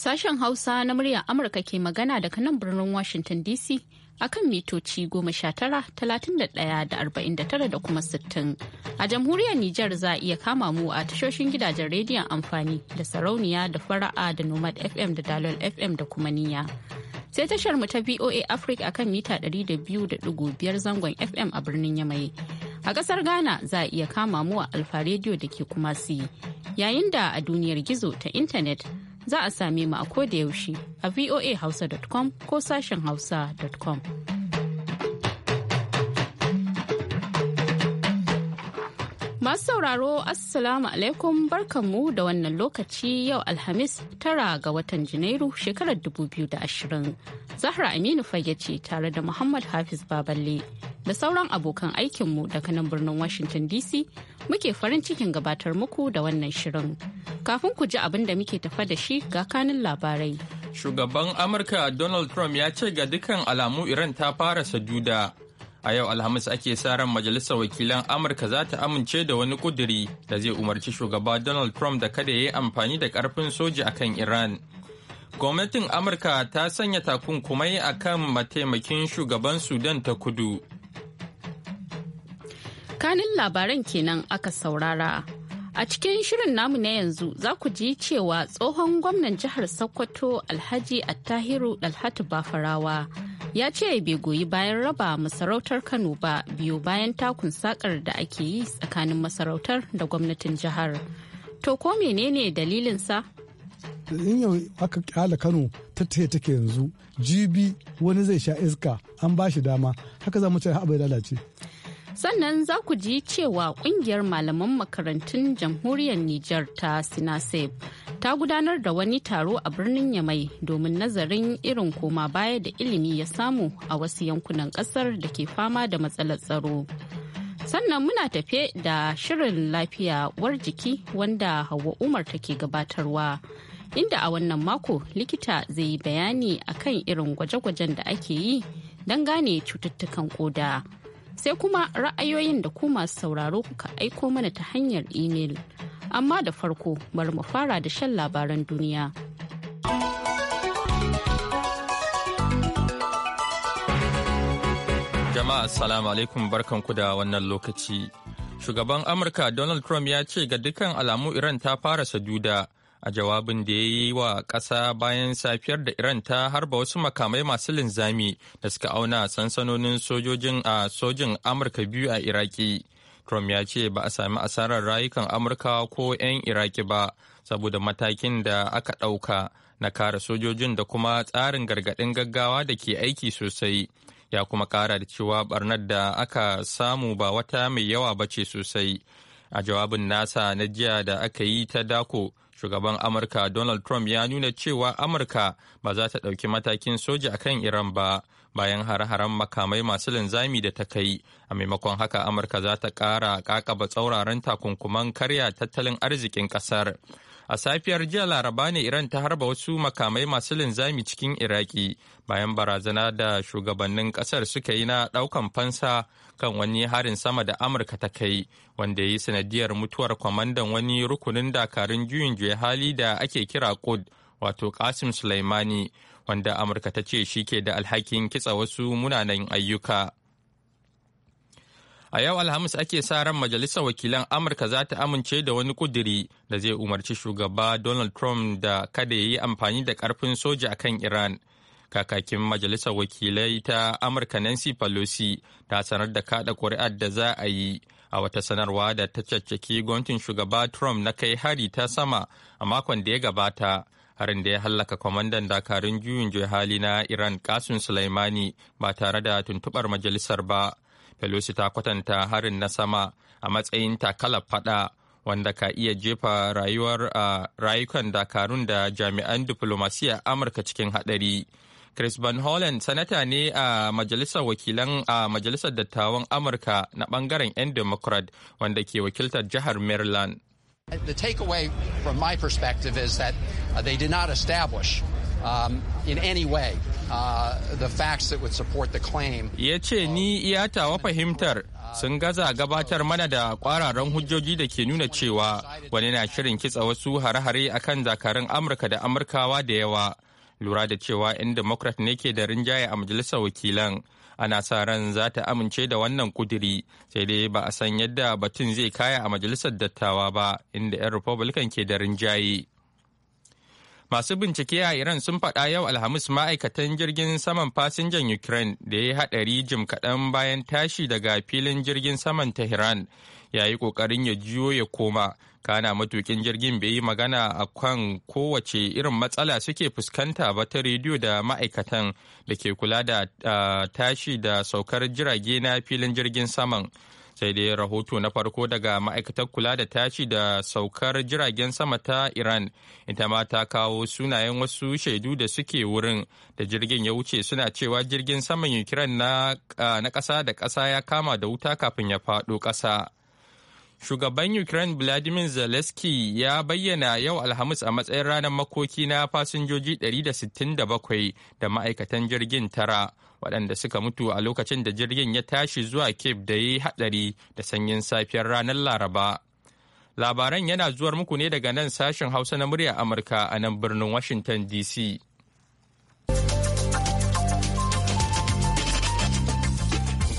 Sashen Hausa na muryar Amurka ke magana daga nan birnin Washington DC akan mitoci goma sha tara talatin da ɗaya da arba'in da tara da kuma sittin. A jamhuriyar Nijar za a iya kama mu a tashoshin gidajen rediyon amfani da sarauniya da fara'a da Nomad FM da Dalol FM da kuma niya sai tashar mu ta VOA Africa akan mita da da biyu biyar zangon FM a birnin Yamai. A ƙasar Ghana za a iya kama mu a Alfa Radio da ke kuma Yayin da a duniyar gizo ta intanet za a same mu a koda yaushe a voahausa.com ko sashen hausa.com. Masu sauraro Assalamu alaikum barkanmu da wannan lokaci yau Alhamis tara ga watan Janairu shekarar 2020. Zahra Aminu fage ce tare da Muhammad Hafiz Baballe da sauran abokan aikinmu daga nan birnin Washington DC muke farin cikin gabatar muku da wannan shirin. Kafin ku ji abin da muke tafa da shi ga kanin labarai. Shugaban Amurka Donald Trump ya ce ga dukkan alamu Iran ta fara sajuda. A yau Alhamis ake sa ran Majalisar Wakilan Amurka za ta amince da wani kuduri da zai umarci shugaba Donald Trump da kada ya yi amfani da karfin soja akan Iran. Gwamnatin Amurka ta sanya takunkumai a kan mataimakin shugaban Sudan ta kudu. Kanin labaran kenan aka saurara. A cikin shirin namu na yanzu za ku ji cewa tsohon gwamnan jihar Sokoto Alhaji Attahiru Dalhatu Bafarawa. ya ce bai goyi bayan raba masarautar kano ba biyu bayan takun sakar da ake yi tsakanin masarautar da gwamnatin jihar to ko menene dalilinsa in yau aka kyala kano ta take yanzu jibi wani zai sha iska an ba shi dama haka za mu ce ya lalace sannan za ku ji cewa kungiyar malaman makarantun jamhuriyar Nijar ta Sinasef ta gudanar da wani taro a birnin Yamai domin nazarin irin koma baya da ilimi ya samu a wasu yankunan kasar da ke fama da matsalar tsaro. Sannan muna tafe da shirin lafiya war jiki wanda hawa Umar take gabatarwa. Inda a wannan mako likita zai yi bayani akan irin gwaje-gwajen da ake yi don gane cututtukan koda. sai kuma ra'ayoyin da ku masu sauraro kuka aiko mana ta hanyar imel. Amma da farko bari mu fara da shan labaran duniya. Jama'a Assalamu alaikum barkanku da wannan lokaci. Shugaban Amurka Donald Trump ya ce ga dukkan alamu Iran ta fara saduda a jawabin da ya yi wa ƙasa bayan safiyar da Iran ta harba wasu makamai masu linzami da suka auna sansanonin sojojin a sojin Amurka biyu a Iraki. Trump ya ce ba a sami asarar rayukan Amurka ko 'yan Iraki ba saboda matakin da aka ɗauka na kare sojojin da kuma tsarin gargaɗin gaggawa da ke aiki sosai. Ya kuma ƙara da cewa barnar da aka samu ba wata mai yawa ba ce sosai. A jawabin nasa na jiya da aka yi ta dako shugaban amurka donald trump ya nuna cewa amurka ba za ta ɗauki matakin soja a kan iran ba bayan har haren makamai masu linzami da ta kai a maimakon haka amurka za ta ƙara kakaba tsauraran takunkuman karya tattalin arzikin ƙasar A safiyar jiya laraba ne Iran ta harba wasu makamai masu linzami cikin Iraki bayan barazana da shugabannin kasar suka yi na daukan fansa kan wani harin sama da Amurka ta kai wanda ya yi sanadiyar mutuwar kwamandan wani rukunin dakarun juyin juya hali da ake kira Qud wato Qasim Sulaimani wanda Amurka ta ce shi ke da alhakin kitsa wasu munanan ayyuka. A yau Alhamis ake sa ran Majalisar Wakilan Amurka za ta amince da wani kuduri da zai umarci shugaba Donald Trump da kada ya yi amfani da karfin soja a kan Iran. Kakakin Majalisar Wakilai ta Amurka Nancy Pelosi ta sanar da kada ƙuri'ar da za a yi a wata sanarwa da ta caccaki gwamnatin shugaba Trump na kai hari ta sama a makon da ya gabata. harin da ya hallaka kwamandan dakarun juyin hali na Iran kasun Sulaimani ba tare da tuntubar majalisar ba. Pelosi ta kwatanta harin na sama a matsayin takalar fada wanda ka iya jefa rayuwar a rayukan dakarun da jami'an diflomasiyya Amurka cikin haɗari. Chris Van Hollen sanata ne a majalisar wakilan a majalisar dattawan Amurka na bangaren 'yan Democrat wanda ke wakiltar jihar Maryland. The takeaway from my perspective is that uh, they did not establish um, in any way Uh, ya ce ni iyatawa fahimtar sun gaza gabatar mana da kwararan hujjoji da ke nuna cewa wani na shirin kitsa wasu hare-hare akan zakarun Amurka da Amurkawa da yawa. Lura da cewa 'yan Democrat ne ke da rinjaye a Majalisar Wakilan. Ana sa ran za ta amince da wannan kudiri, sai dai ba a san yadda batun zai kaya a Majalisar Dattawa ba, inda 'yan Republican ke da rinjaye. Masu bincike a Iran sun faɗa yau Alhamis ma'aikatan jirgin saman fasinjan Ukraine da ya haɗari jim kaɗan bayan tashi daga filin jirgin saman Tehran ya yi ƙoƙarin ya juyo ya koma. Kana matukin jirgin bai yi magana a kan kowace irin matsala suke fuskanta ba ta rediyo da ma'aikatan da ke kula da ah, tashi da saukar jirage na filin jirgin saman. sai dai rahoto na farko daga ma'aikatar kula da tashi da saukar jiragen sama ta iran ita ma ta kawo sunayen wasu shaidu da suke wurin da jirgin ya wuce suna cewa jirgin saman ukraine na ah, ƙasa da ƙasa ya kama da wuta kafin ya faɗo ƙasa Shugaban Ukraine Vladimir Zelensky ya bayyana yau Alhamis a matsayin ranar makoki na fasinjoji 167 da ma'aikatan jirgin tara waɗanda suka mutu a lokacin da jirgin ya tashi zuwa Cape da ya yi haɗari da sanyin safiyar ranar Laraba. Labaran yana zuwar muku ne daga nan sashen Hausa na murya Amurka a nan birnin Washington DC.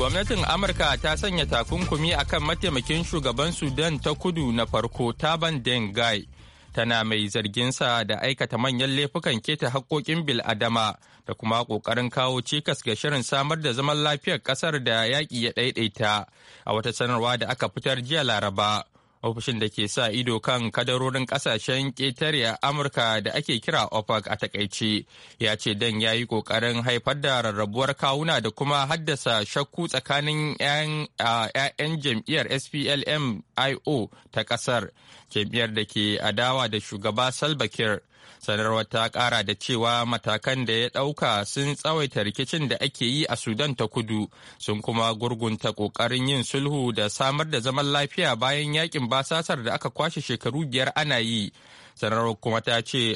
gwamnatin amurka ta sanya takunkumi a kan mataimakin shugaban sudan ta kudu na farko taban dengai tana mai zarginsa da aikata manyan laifukan keta haƙoƙin bil'adama da kuma ƙoƙarin kawo cikas ga shirin samar da zaman lafiyar ƙasar da yaƙi ya ɗaiɗaita a wata sanarwa da aka fitar jiya laraba ofishin da ke sa ido kan kadarorin kasashen ƙetare a amurka da ake kira opec a takaice ya ce dan ya yi ƙoƙarin haifar da rarrabuwar kawuna da kuma haddasa shakku tsakanin 'ya'yan jam'iyyar splm io ta ƙasar jam'iyyar da ke adawa da shugaba salbakir sanarwar ta kara da cewa matakan da ya ɗauka sun tsawaita rikicin da ake yi a sudan ta kudu sun kuma gurgunta ƙoƙarin yin sulhu da samar da zaman lafiya bayan yakin basasar da aka kwashe shekaru biyar ana yi sanarwar kuma ta ce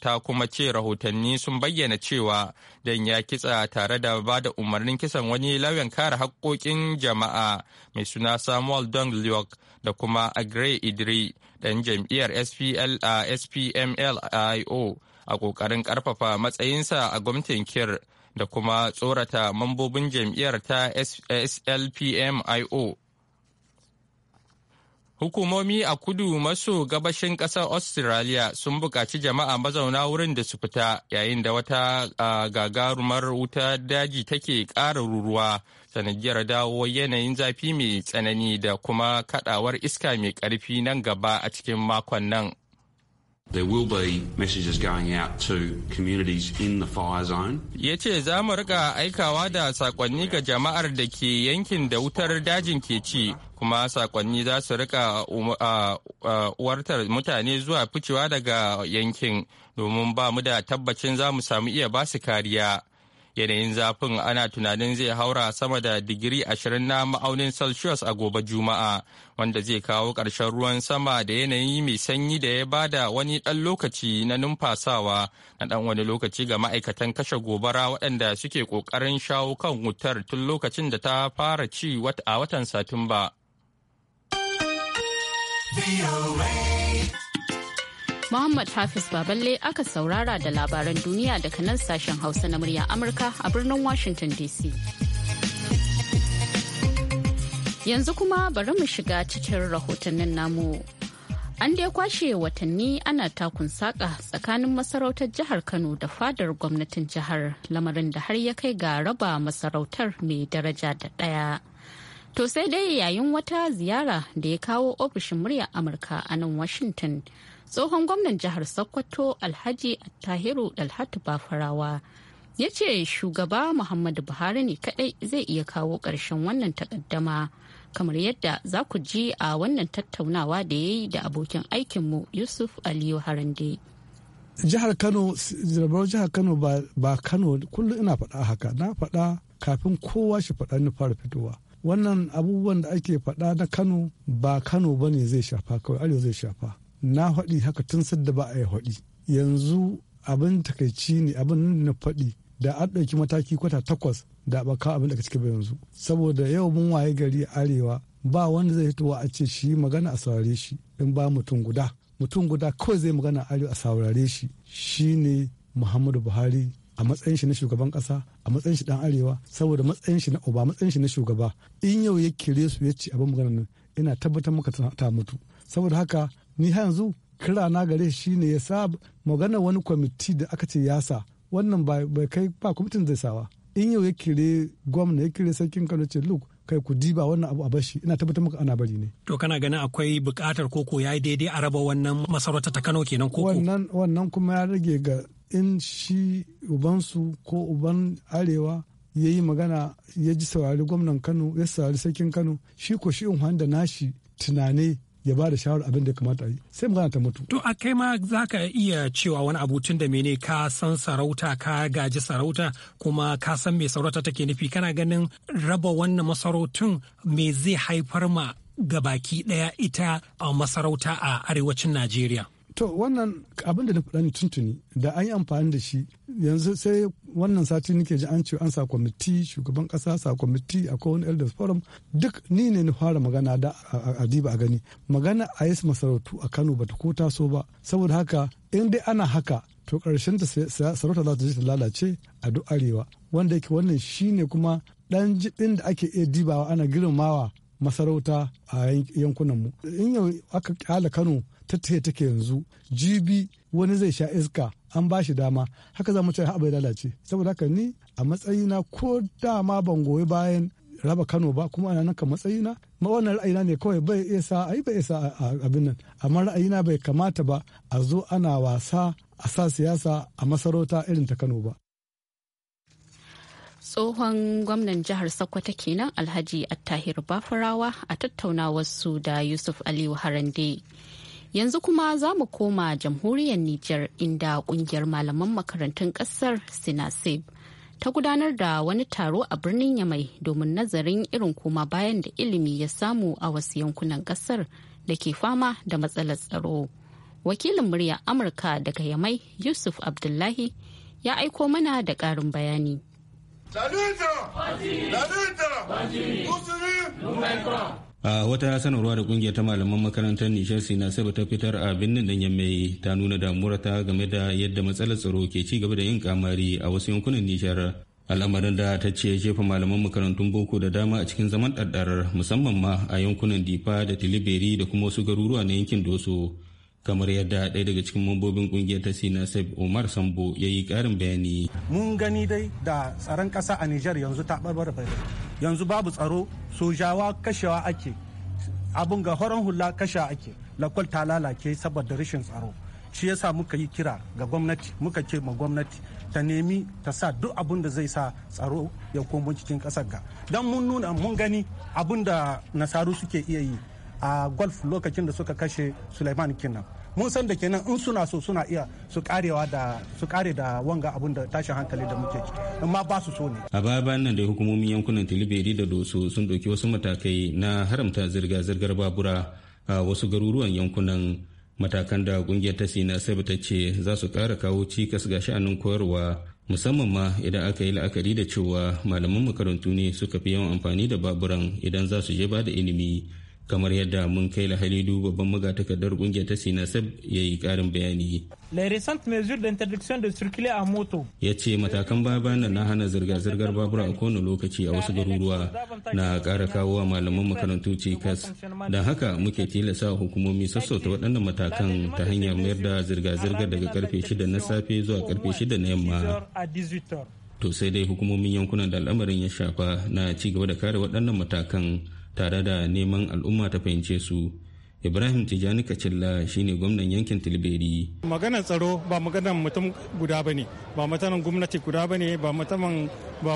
ta kuma ce rahotanni sun bayyana cewa dan ya kitsa tare da ba da umarnin kisan wani lauyan kare haƙƙoƙin jama'a mai suna samuel dong da kuma agre idri ɗan jam'iyyar SPL a SPMLIO a ƙoƙarin ƙarfafa matsayinsa a gwamnatin Kir da kuma tsorata mambobin jam'iyyar ta SLPMIO. Hukumomi a kudu maso gabashin ƙasar Australia sun buƙaci jama'a mazauna wurin da su fita yayin da wata gagarumar wuta daji take ƙara ruruwa sanadiyar dawo yanayin zafi mai tsanani da kuma kadawar iska mai karfi nan gaba a cikin makon nan. There will be messages going out to communities in the fire zone. Ya ce za mu riƙa aikawa da sakonni ga jama'ar da ke yankin da wutar dajin ke ci, kuma sakonni za su rika wartar mutane zuwa ficewa daga yankin domin ba mu da tabbacin za mu samu iya basu kariya. Yanayin zafin ana tunanin zai haura sama da digiri ashirin na ma'aunin Celsius a gobe Juma'a, wanda zai kawo ƙarshen ruwan sama da yanayi mai sanyi da ya bada wani ɗan lokaci na numfasawa na ɗan wani lokaci ga ma'aikatan kashe gobara waɗanda suke ƙoƙarin shawo kan wutar tun lokacin da ta fara ci a watan Satumba. Muhammad Hafiz Baballe aka saurara da labaran duniya daga nan sashen Hausa na murya Amurka a birnin Washington DC. Yanzu kuma bari mu shiga cikin rahotannin namu. An dai kwashe watanni ana takun saƙa tsakanin masarautar jihar Kano da fadar gwamnatin jihar lamarin da har ya kai ga raba masarautar mai daraja da ɗaya. To sai dai yayin wata ziyara da ya kawo ofishin murya Amurka a nan Washington. tsohon gwamnan jihar sokoto alhaji attahiru dalhatu bafarawa ya ce shugaba muhammadu buhari ne kadai zai iya kawo ƙarshen wannan takaddama kamar yadda za ku ji a wannan tattaunawa da ya yi da abokin aikinmu yusuf aliyu harande jihar kano zirabar jihar kano ba kano kullum ina faɗa haka na faɗa kafin kowa shi faɗa ni fara fitowa wannan abubuwan da ake faɗa na kano ba kano ba ne zai shafa kawai arewa zai shafa na faɗi haka tun sadda ba a yi faɗi yanzu abin takaici ne abin na faɗi da an ɗauki mataki kwata takwas da ba kawo abin da cike ba yanzu saboda yau mun waye gari a arewa ba wanda zai fitowa a ce shi magana a saurare shi in ba mutum guda mutum guda kawai zai magana arewa a saurare shi ne muhammadu buhari a matsayin shi na shugaban kasa a matsayin shi dan arewa saboda matsayin shi na oba matsayin shi na shugaba in yau ya kire su ya ce abin magana nan ina tabbatar maka ta mutu saboda haka ni yanzu kira na gare shi ne ya sa magana wani kwamiti da aka ce yasa sa wannan bai kai ba kwamitin zai sawa in yau ya kire gwamna ya kire sarkin kano ce look kai ku diba wannan abu a bashi ina tabbatar maka ana bari ne to kana ganin akwai bukatar koko ya yi daidai a raba wannan masarauta ta Kano kenan koko wannan wannan kuma ya rage ga in shi ubansu ko uban arewa ya yi magana ya ji saurari gwamnan Kano ya saurari sarkin Kano shi ko shi in da nashi tunane ya ba da shawarar abin da ya kamata yi sai magana ta mutu. To a kai ma za ka iya cewa wani abutun da mene ka san sarauta ka gaji sarauta kuma ka san me sarauta take nufi kana ganin raba wannan masarautun me zai haifar ma ga baki daya ita a masarauta a arewacin Najeriya. to wannan abin da na faɗa ne tuntuni da an yi amfani da shi yanzu sai wannan sati nake ji an ce an sa kwamiti shugaban kasa sa kwamiti a wani elders forum duk ni ne na fara magana da a a gani magana a yi masarautu a kano bata ko taso ba saboda haka in dai ana haka to karshen ta sarauta za ta je ta lalace a duk arewa wanda yake wannan shi ne kuma dan jiɗin da ake iya dibawa ana girmamawa masarauta a yankunanmu in yau aka kyala kano ta take yanzu jibi wani zai sha iska an ba shi dama haka za mu ce haɓa lalace saboda haka ni a matsayina ko dama ban goyi bayan raba kano ba kuma ana nanka matsayina ma wannan ra'ayina ne kawai bai iya sa ai bai abin nan amma ra'ayina bai kamata ba a zo ana wasa a sa siyasa a masarauta irin ta kano ba tsohon gwamnan jihar sokoto kenan alhaji attahir bafarawa a tattaunawarsu da yusuf aliyu harande Yanzu kuma za mu koma jamhuriyar Nijar inda kungiyar malaman makarantun kasar Sinasib ta gudanar da wani taro a birnin Yamai domin nazarin irin koma bayan da ilimi ya samu a wasu yankunan kasar da ke fama da matsalar tsaro. Wakilin murya Amurka daga Yamai Yusuf Abdullahi ya aiko mana da ƙarin bayani. La lutte, la lutte, a wata sanarwa da kungiyar ta malaman makarantar nishar saba ta fitar a birnin danyen mai ta nuna damuwarta game da yadda matsalar tsaro ke ci gaba da yin kamari a wasu yankunan nishar al'amarin da ta ce jefa malaman makarantun boko da dama a cikin zaman ɗaɗɗar musamman ma a yankunan difa da tilibiri da kuma wasu garuruwa na yankin doso kamar yadda ɗaya daga cikin mambobin kungiyar ta saif umar sambo ya yi karin bayani mun gani dai da tsaron kasa a nijar yanzu ta barbar yanzu babu tsaro sojawa kashewa ake abun ga horon hula kashewa ake lakwal ta lalace saboda rashin tsaro shi yasa muka yi kira ga gwamnati muka ce ma gwamnati ta nemi ta sa duk abun da zai sa tsaro ya komo cikin kasar ga don mun nuna mun gani abun da nasaru suke iya yi a golf lokacin da suka kashe suleiman kinnan mun san da kenan in suna so suna iya su karewa da su kare da wanga abun da tashin hankali da muke ci amma ba su so ne a baya bayan nan da hukumomin yankunan tilibiri da doso sun ɗauki wasu matakai na haramta zirga-zirgar babura a wasu garuruwan yankunan matakan da kungiyar ta sina sai ta ce za su kara kawo cikas ga sha'anin koyarwa musamman ma idan aka yi la'akari da cewa malaman makarantu ne suka fi yawan amfani da baburan idan za su je ba da ilimi kamar yadda mun kai halidu babban magatakardar kungiyar ta sinasab ya yi karin bayani les recent mesure d'interdiction de circuler en moto ya ce matakan baya na hana zirga-zirgar babura a kowane lokaci a wasu garuruwa na kara kawo wa malaman makarantu cikas da haka muke tilasta hukumomi sassauta waɗannan matakan ta hanyar mayar da zirga-zirgar daga karfe 6 na safe zuwa karfe 6 na yamma to sai dai hukumomin yankunan da al'amarin ya shafa na ci gaba da kare waɗannan matakan tare da neman al'umma ta fahimce su ibrahim tijjani kacilla shine gwamnan yankin tilberi maganar tsaro ba maganar mutum guda ba ne ba mutumin gwamnati guda ba ne ba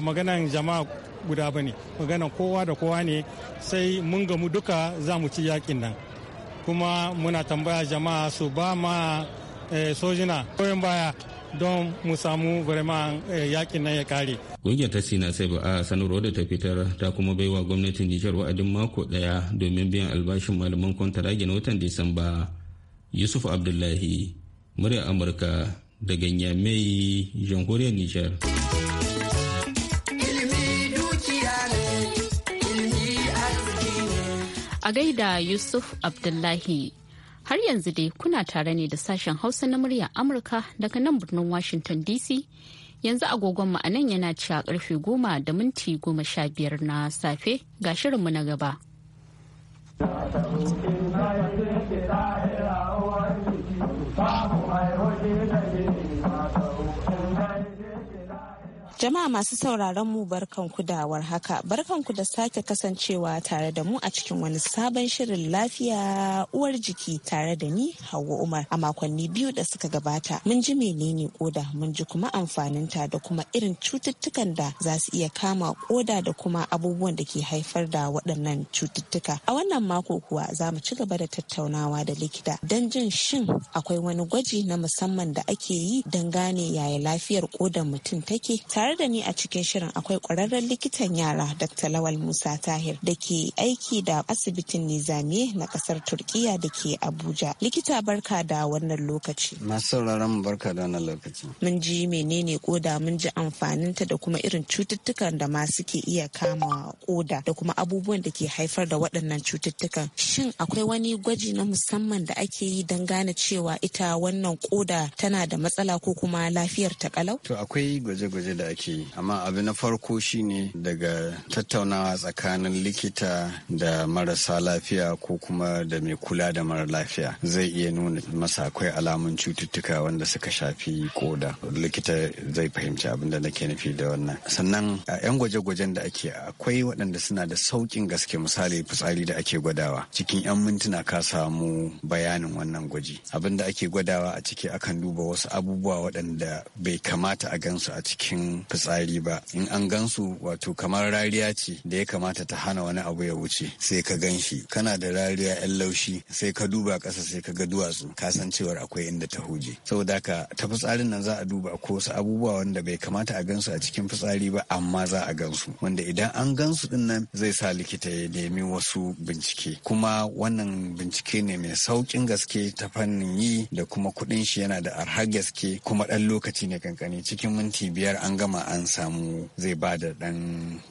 maganar jama'a guda ba ne maganar kowa da kowa ne sai mun gamu duka za mu ci yakin nan kuma muna tambaya jama'a su ba ma eh, sojina koyon baya don mu samu vraiment eh, yakin nan ya kare. Ƙungiyar ta Sina sai ba a sanarwa da ta fitar ta kuma baiwa gwamnatin Nijar wa'adin mako ɗaya domin biyan albashin malaman kwantaragi na watan Disamba. Yusuf Abdullahi, murya Amurka daga Nyamai, jamhuriyar Nijar. A gaida Yusuf Abdullahi Har yanzu dai kuna tare ne da sashen Hausa na murya Amurka daga nan birnin Washington DC. Yanzu agogon mu nan yana ci a karfe goma da minti goma sha biyar na safe ga shirinmu na gaba. Jama'a masu sauraron mu barkanku da warhaka. Barkanku da sake kasancewa tare da mu a cikin wani sabon shirin lafiya uwar jiki tare da ni Hauwa Umar. A makonni biyu da suka gabata mun ji menene koda mun ji kuma amfanin ta da kuma irin cututtukan da za su iya kama koda da kuma abubuwan da ke haifar da waɗannan cututtuka. A wannan mako kuwa za mu ci gaba da tattaunawa da likita don jin shin akwai wani gwaji na musamman da ake yi don gane yaya lafiyar kodan mutum take tare Tare da ni a cikin shirin akwai ƙwararren likitan yara Dr. Lawal Musa Tahir da ke aiki da asibitin Nizami na ƙasar Turkiya da ke Abuja. Likita barka da wannan lokaci. Masu sauraron barka da wannan lokaci. Mun ji menene koda mun ji amfaninta da kuma irin cututtukan da ma suke iya kama koda da kuma abubuwan da ke haifar da waɗannan cututtukan. Shin akwai wani gwaji na musamman da ake yi don gane cewa ita wannan koda tana da matsala ko kuma lafiyar ta kalau? To akwai gwaje-gwaje da ake ake yi amma abu na farko shine daga tattaunawa tsakanin likita da marasa lafiya ko kuma da mai kula da mara lafiya zai iya nuna masa akwai alamun cututtuka wanda suka shafi koda likita zai fahimci abin da nake nufi da wannan sannan a 'yan gwaje-gwajen da ake akwai waɗanda suna da sauƙin gaske misali fitsari da ake gwadawa cikin 'yan mintuna ka samu bayanin wannan gwaji abin da ake gwadawa a ciki akan duba wasu abubuwa waɗanda bai kamata a gansu a cikin fitsari ba in an gansu wato kamar rariya ce da ya kamata ta hana wani abu ya wuce sai ka gan shi kana da rariya yan laushi sai ka duba kasa sai ka ga duwatsu ka san akwai inda ta huje saboda haka ta fitsarin nan za a duba ko su abubuwa wanda bai kamata a gansu a cikin fitsari ba amma za a gansu wanda idan an gansu din nan zai sa likita ya nemi wasu bincike kuma wannan bincike ne mai saukin gaske ta fannin yi da kuma kuɗin shi yana da arhar gaske kuma ɗan lokaci ne kankani cikin minti biyar an gama an samu zai ba da ɗan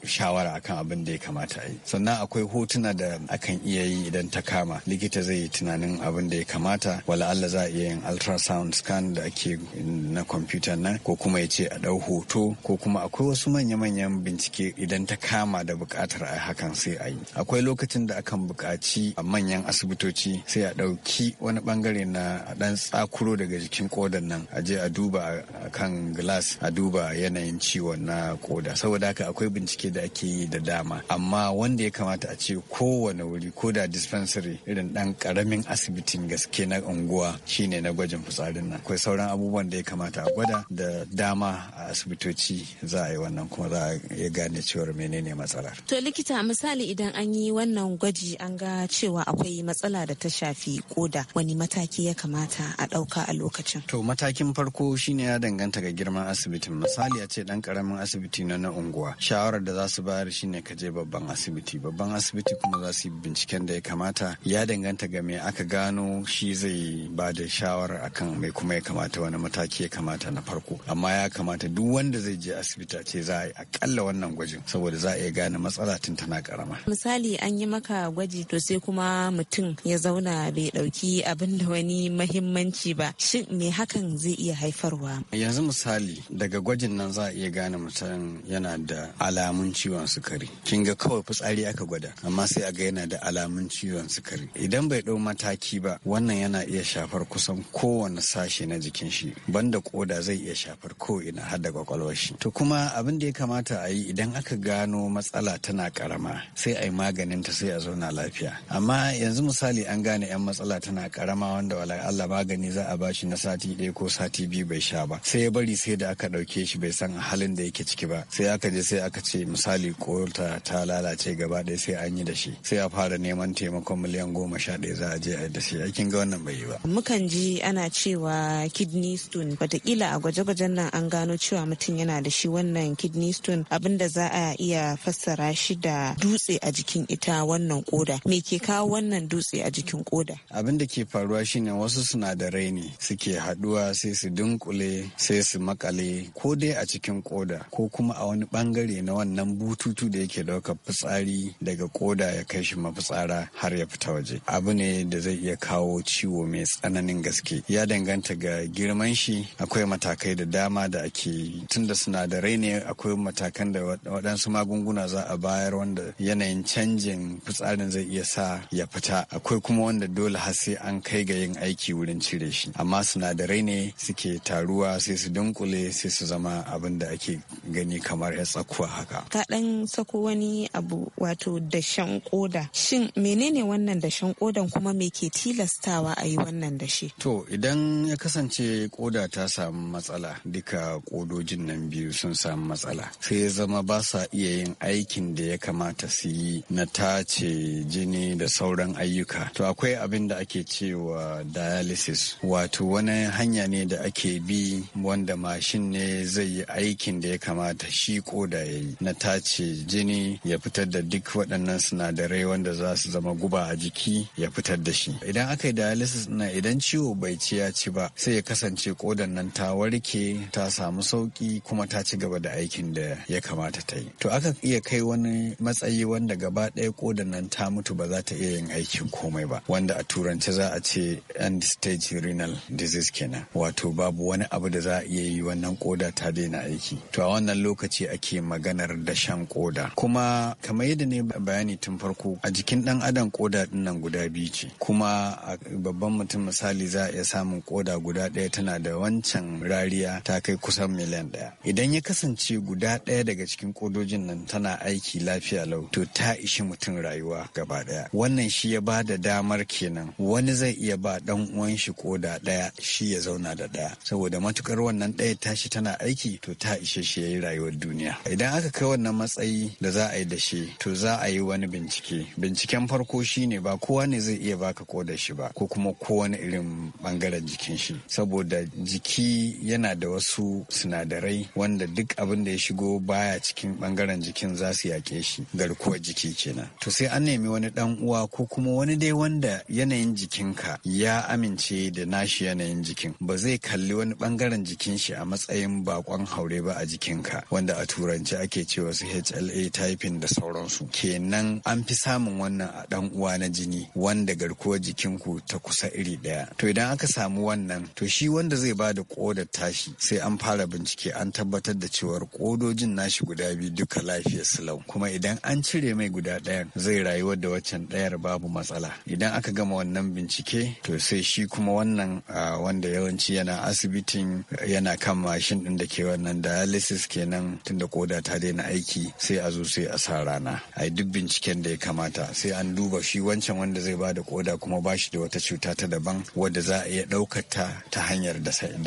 shawara akan abin da ya kamata a yi sannan akwai hotuna da akan iya yi idan ta kama likita zai yi tunanin abin da ya kamata wala Allah za a iya yin ultrasound scan da ake na kwamfuta nan ko kuma ya ce a ɗau hoto ko kuma akwai wasu manya-manyan bincike idan ta kama da buƙatar a hakan sai a yi akwai lokacin da akan buƙaci a manyan asibitoci sai a ɗauki wani bangare na ɗan tsakuro daga jikin kodan nan a je a duba kan glass a duba yanayin yanayin ciwon na koda saboda haka akwai bincike da ake yi da dama amma wanda ya kamata a ce kowane wuri ko da dispensary irin dan karamin asibitin gaske na unguwa shine na gwajin fitsarin nan akwai sauran abubuwan da ya kamata a gwada da dama a asibitoci za a yi wannan kuma za a iya gane cewar menene matsalar to likita misali idan an yi wannan gwaji an ga cewa akwai matsala da ta shafi koda wani mataki ya kamata a ɗauka a lokacin to matakin farko shine ya danganta ga girman asibitin misali a ce ce dan karamin asibiti na unguwa shawarar da za su bayar ne ka je babban asibiti babban asibiti kuma za su yi binciken da ya kamata ya danganta ga me aka gano shi zai ba da shawarar akan mai kuma ya kamata wani mataki ya kamata na farko amma ya kamata duk wanda zai je asibiti ce za a yi akalla wannan gwajin saboda za a iya gane matsala tun tana karama misali an yi maka gwaji to sai kuma mutum ya zauna bai ɗauki abin da wani mahimmanci ba shin me hakan zai iya haifarwa yanzu misali daga gwajin nan za iya gane mutum yana da alamun ciwon sukari kin ga kawai fitsari aka gwada amma sai a ga yana da alamun ciwon sukari idan bai dau mataki ba wannan yana iya shafar kusan kowane sashe na jikin shi banda koda zai iya shafar ko ina har da kwakwalwar shi to kuma abin da ya kamata a yi idan aka gano matsala tana karama sai a yi maganin ta sai a zauna lafiya amma yanzu misali an gane yan matsala tana karama wanda wala Allah magani za a bashi na sati ɗaya ko sati biyu bai sha ba sai ya bari sai da aka ɗauke shi bai san halin da yake ciki ba sai aka je sai aka ce misali koyarta ta lalace gaba ɗaya sai an yi da shi sai a fara neman taimakon miliyan goma sha ɗaya za a je a yi da shi aikin ga wannan bai yi ba. mukan ji ana cewa kidney stone watakila a gwaje-gwajen nan an gano cewa mutum yana da shi wannan kidney stone abin da za a iya fassara shi da dutse a jikin ita wannan koda me ke kawo wannan dutse a jikin koda. abin da ke faruwa shine wasu sinadarai ne suke haɗuwa sai su dunkule sai su makale ko dai a cikin cikin koda ko kuma a wani bangare na wannan bututu da yake daukar fitsari daga koda ya kai shi mafitsara har ya fita waje abu ne da zai iya kawo ciwo mai tsananin gaske ya danganta ga girman shi akwai matakai da dama da ake tunda sinadarai ne akwai matakan da waɗansu magunguna za a bayar wanda yanayin canjin fitsarin zai iya sa ya fita akwai kuma wanda dole har sai an kai ga yin aiki wurin cire shi amma sinadarai ne suke taruwa sai su dunkule sai su zama abin da ake gani kamar ya tsakuwa haka. Ka ɗan sako wani abu wato dashen koda. Shin menene wannan dashen kodan kuma me ke tilastawa a yi wannan dashe? To idan ya kasance koda ta samu matsala duka kodojin nan biyu sun samu matsala sai ya zama ba sa iya yin aikin da ya kamata su yi na tace jini da sauran ayyuka. To akwai abin da ake cewa dialysis wato wani hanya ne da ake bi wanda mashin ne zai yi aiki aikin da ya kamata shi koda ya yi na tace jini ya fitar da duk waɗannan sinadarai wanda za su zama guba a jiki ya fitar da shi idan aka yi dialysis na idan ciwo bai ci ya ci ba sai ya kasance kodan nan ta warke ta samu sauki kuma ta ci gaba da aikin da ya kamata ta yi to aka iya kai wani matsayi wanda gaba ɗaya kodan nan ta mutu ba za ta iya yin aikin komai ba wanda a turance za a ce end stage renal disease kenan wato babu wani abu da za a iya yi wannan koda ta daina aiki ciki. to a wannan lokaci ake maganar dashen koda kuma kamar yadda ne bayani tun farko a jikin dan adam koda dinnan guda biyu ce kuma a babban mutum misali za a iya samun koda guda ɗaya tana da wancan rariya ta kai kusan miliyan ɗaya idan ya kasance guda ɗaya daga cikin kodojin nan tana aiki lafiya lau to ta ishi mutum rayuwa gaba ɗaya wannan shi ya ba da damar kenan wani zai iya ba ɗan uwan shi koda ɗaya shi ya zauna da ɗaya saboda matukar wannan ɗaya tashi tana aiki to ta ishe shi ya yi rayuwar duniya idan aka kai wannan matsayi da za a yi da shi to za a yi wani bincike binciken farko shine ba kowa ne zai iya baka kodar shi ba ko kuma kowane irin bangaren jikin shi saboda jiki yana da wasu sinadarai wanda duk abin da ya shigo baya cikin bangaren jikin za su yake shi garkuwa jiki kenan to sai an nemi wani dan uwa ko kuma wani dai wanda yanayin jikinka ya amince da nashi yanayin jikin ba zai kalli wani bangaren jikin shi a matsayin bakon haure aure ba a jikinka wanda a turanci ake cewa su HLA typing da sauransu kenan an fi samun wannan a ɗan uwa na jini wanda garkuwar jikinku ta kusa iri daya to idan aka samu wannan to shi wanda zai ba da koda tashi sai an fara bincike an tabbatar da cewa kodojin nashi guda biyu duka lafiyar silau kuma idan an cire mai guda ɗayan zai rayuwar da waccan ɗayar babu matsala idan aka gama wannan bincike to sai shi kuma wannan ah, wanda yawanci yana asibitin yana kan mashin ɗin da ke wannan dialysis kenan tunda koda ta daina aiki sai a zo sai a sa rana a yi duk binciken da ya kamata sai an duba shi wancan wanda zai bada koda kuma ba shi da wata cuta ta daban wadda za a iya ɗaukar ta ta hanyar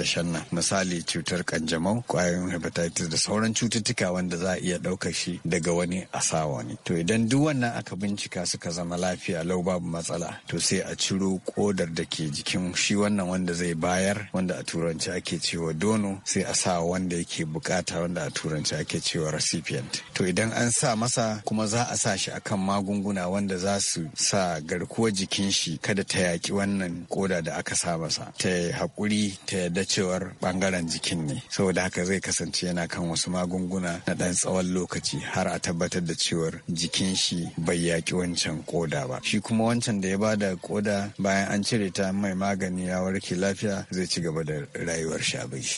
shan nan misali cutar kanjamau kwayoyin hepatitis da sauran cututtuka wanda za a iya ɗaukar shi daga wani a sa wani to idan duk wannan aka bincika suka zama lafiya lau babu matsala to sai a ciro kodar da ke jikin shi wannan wanda zai bayar wanda a turanci ake cewa dono sai a sa wanda yake ake bukata wanda a turanci ake cewa recipient to idan an sa masa kuma za a sa shi akan magunguna wanda za su sa garkuwar jikin shi kada ta yaki wannan koda da aka sa masa ta haƙuri ta yadda cewar bangaren jikin ne saboda haka zai kasance yana kan wasu magunguna na ɗan tsawon lokaci har a tabbatar da cewar jikin shi bai yaki wancan koda ba shi kuma wancan da ya ba da koda bayan an cire ta mai magani ya warke lafiya zai ci gaba da rayuwar shi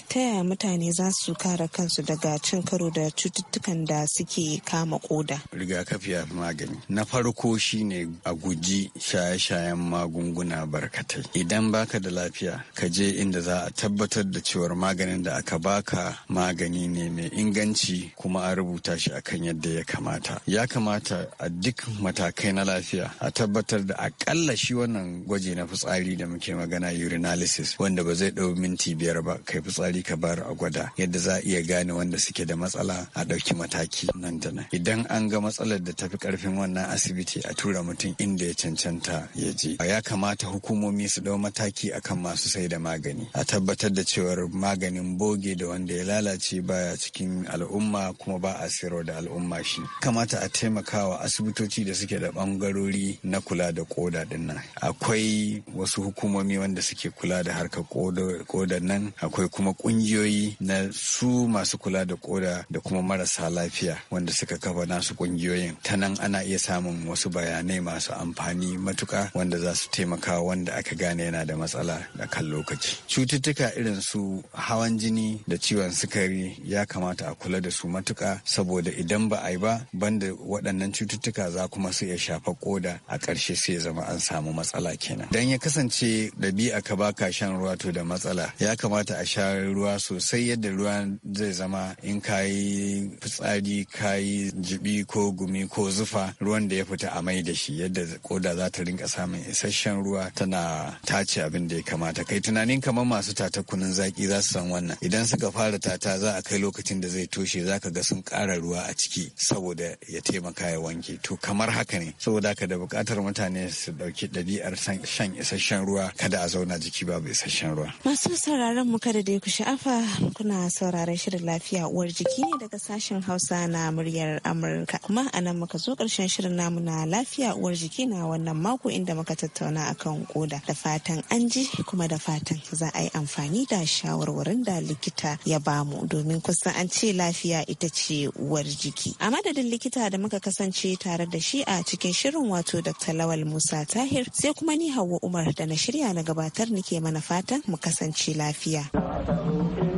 ta yaya mutane za su kare kare kansu daga cin karo da cututtukan da suke kama koda. Rigakafi ya magani. Na farko shine a guji shaye-shayen magunguna barkatai. Idan baka da lafiya, ka je inda za a tabbatar da cewar maganin da aka baka magani ne mai inganci kuma a rubuta shi akan yadda ya kamata. Ya kamata a duk matakai na lafiya a tabbatar da akalla shi wannan gwaji na fitsari da muke magana urinalysis wanda ba zai ɗau minti biyar ba kai fitsari ka bar a gwada yadda za iya gane wanda suke da matsala a ɗauki mataki nan da nan idan an ga matsalar da tafi karfin wannan asibiti a tura mutum inda ya cancanta ya je ya kamata hukumomi su dau mataki akan masu sai da magani a tabbatar da cewar maganin boge da wanda ya lalace baya cikin al'umma kuma ba a siro da al'umma shi kamata a taimakawa asibitoci da suke da bangarori na kula da koda din nan akwai wasu hukumomi wanda suke kula da harkar koda nan akwai kuma ƙungiyoyi na su masu kula da koda da kuma marasa lafiya wanda suka kafa nasu kungiyoyin ta nan ana iya samun wasu bayanai masu amfani matuka wanda za su taimaka wanda aka gane yana da matsala da kan lokaci cututtuka irin su hawan jini da ciwon sukari ya kamata a kula da su matuka saboda idan ba a yi ba banda waɗannan cututtuka za kuma su iya shafa koda a ƙarshe sai zama an samu matsala kenan dan ya kasance ɗabi'a ka baka shan ruwa to da matsala ya kamata a sha ruwa sosai yadda ruwa zai zama in kayi fitsari kayi jibi ko gumi ko zufa ruwan da ya fita a mai da shi yadda koda za ta rinka samun isasshen ruwa tana tace abin da ya kamata kai tunanin kamar masu tata kunun zaki za su san wannan idan suka fara tata za a kai lokacin da zai toshe za ka ga sun kara ruwa a ciki saboda ya taimaka ya wanke to kamar haka ne saboda ka da buƙatar mutane su ɗauki ɗabi'ar shan isasshen ruwa kada a zauna jiki babu isasshen ruwa. Masu sauraron mu kada da ku sha'afa kuna saurare sauraron shirin lafiya uwar jiki ne daga sashen Hausa na muryar Amurka. Kuma a nan muka zo karshen shirin namu na lafiya uwar jiki na wannan mako inda muka tattauna akan koda. Da fatan an ji kuma da fatan za a yi amfani da shawarwarin da likita ya bamu domin kusan an ce lafiya ita ce uwar jiki. A madadin likita da muka kasance tare da shi a cikin shirin wato Dr. Lawal Musa Tahir sai kuma ni Hauwa Umar da na shirya na gabatar nike mana fatan mu kasance lafiya.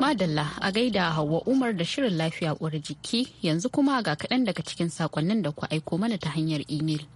Madalla a gaida Hauwa Umar da shirin lafiya uwar jiki yanzu kuma ga kaɗan daga cikin saƙonnin da ku aiko mana ta hanyar imel.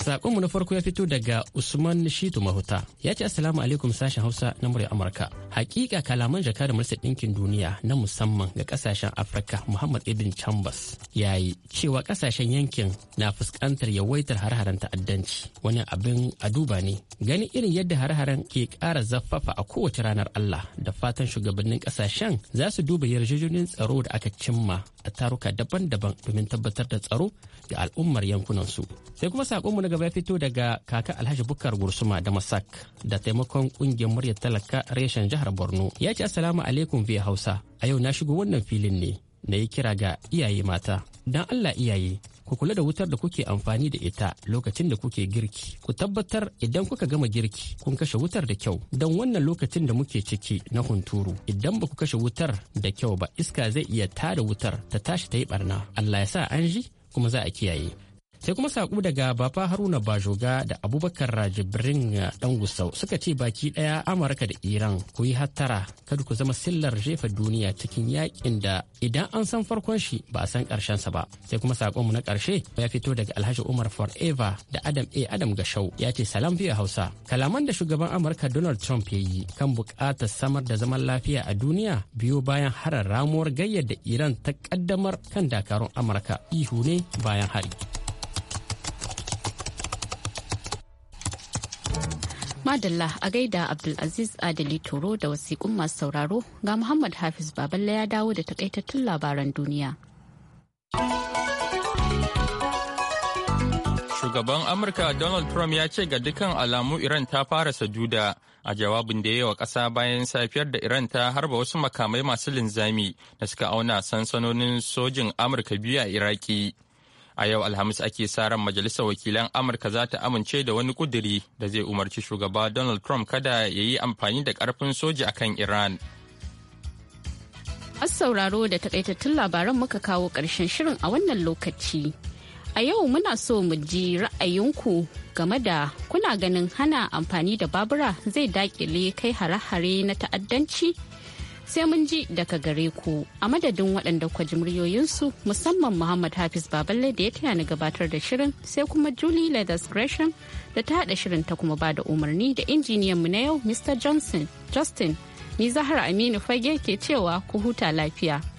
Sakonmu na farko ya fito daga Usman Shitu Mahuta. Ya ce Assalamu alaikum sashen Hausa na murya Amurka. Hakika kalaman jaka da Majalisar Ɗinkin Duniya na musamman ga kasashen Afirka Muhammad Ibn Chambers ya yi cewa kasashen yankin na fuskantar yawaitar har ta'addanci. Wani abin a duba ne. Gani irin yadda har ke ƙara zaffafa a kowace ranar Allah da fatan shugabannin kasashen za su duba yarjejeniyar tsaro da aka cimma a taruka daban-daban domin tabbatar da tsaro ga al'ummar yankunansu. Sai kuma sakonmu na Gaba ya fito daga kaka Alhaji Bukar Gursuma da Masak da taimakon kungiyar muryar talaka reshen jihar Borno. Ya ce Assalamu alaikum via Hausa. A yau na shigo wannan filin ne na yi kira ga iyaye mata. Don Allah iyaye ku kula da wutar da kuke amfani da ita lokacin da kuke girki ku tabbatar idan kuka gama girki kun kashe wutar da kyau don wannan lokacin da muke ciki na hunturu idan ba ku kashe wutar da kyau ba iska zai iya tada wutar ta tashi ta yi barna Allah ya sa an ji kuma za a kiyaye sai kuma saƙo daga baba haruna bajoga da abubakar rajibrin dan eh, gusau suka ce baki ɗaya amurka da iran ku yi hattara kada ku zama sillar jefa duniya cikin yakin da idan an san farkon shi ba a san sa ba sai kuma mu na ƙarshe ya fito daga alhaji umar forever da adam a adam gashau ya ce salam biyu hausa kalaman da shugaban amurka donald trump ya yi kan buƙatar samar da zaman lafiya a duniya biyo bayan harar ramuwar gayyar da iran ta ƙaddamar kan dakarun amurka ihu ne bayan hari. Madalla a gaida Abdulaziz Adali Toro da wasiƙun masu sauraro ga Muhammad Hafiz Baballa ya dawo da takaitattun labaran duniya. Shugaban Amurka Donald Trump ya ce ga dukkan alamu Iran ta fara saduda a jawabin da ya wa ƙasa bayan safiyar da Iran ta harba wasu makamai masu linzami da suka auna sansanonin sojin Amurka biyu a Iraki. A yau Alhamis ake sa ran Majalisar Wakilan Amurka za ta amince da wani kuduri da zai umarci shugaba Donald Trump kada ya yi amfani da karfin a kan Iran. a sauraro da takaitattun labaran muka kawo ƙarshen shirin a wannan lokaci. A yau muna so mu ji ra'ayinku game da kuna ganin hana amfani da babura zai dakile kai hare-hare na ta'addanci sai mun ji daga gare ku a madadin waɗanda kwa ji muryoyinsu musamman muhammad hafiz baballe da ya taya ni gabatar da shirin sai kuma julie leathers gresham da ta haɗa shirin ta kuma bada umarni da injiniyan mu na yau mr johnson justin ni zahara aminu fage ke cewa ku huta lafiya.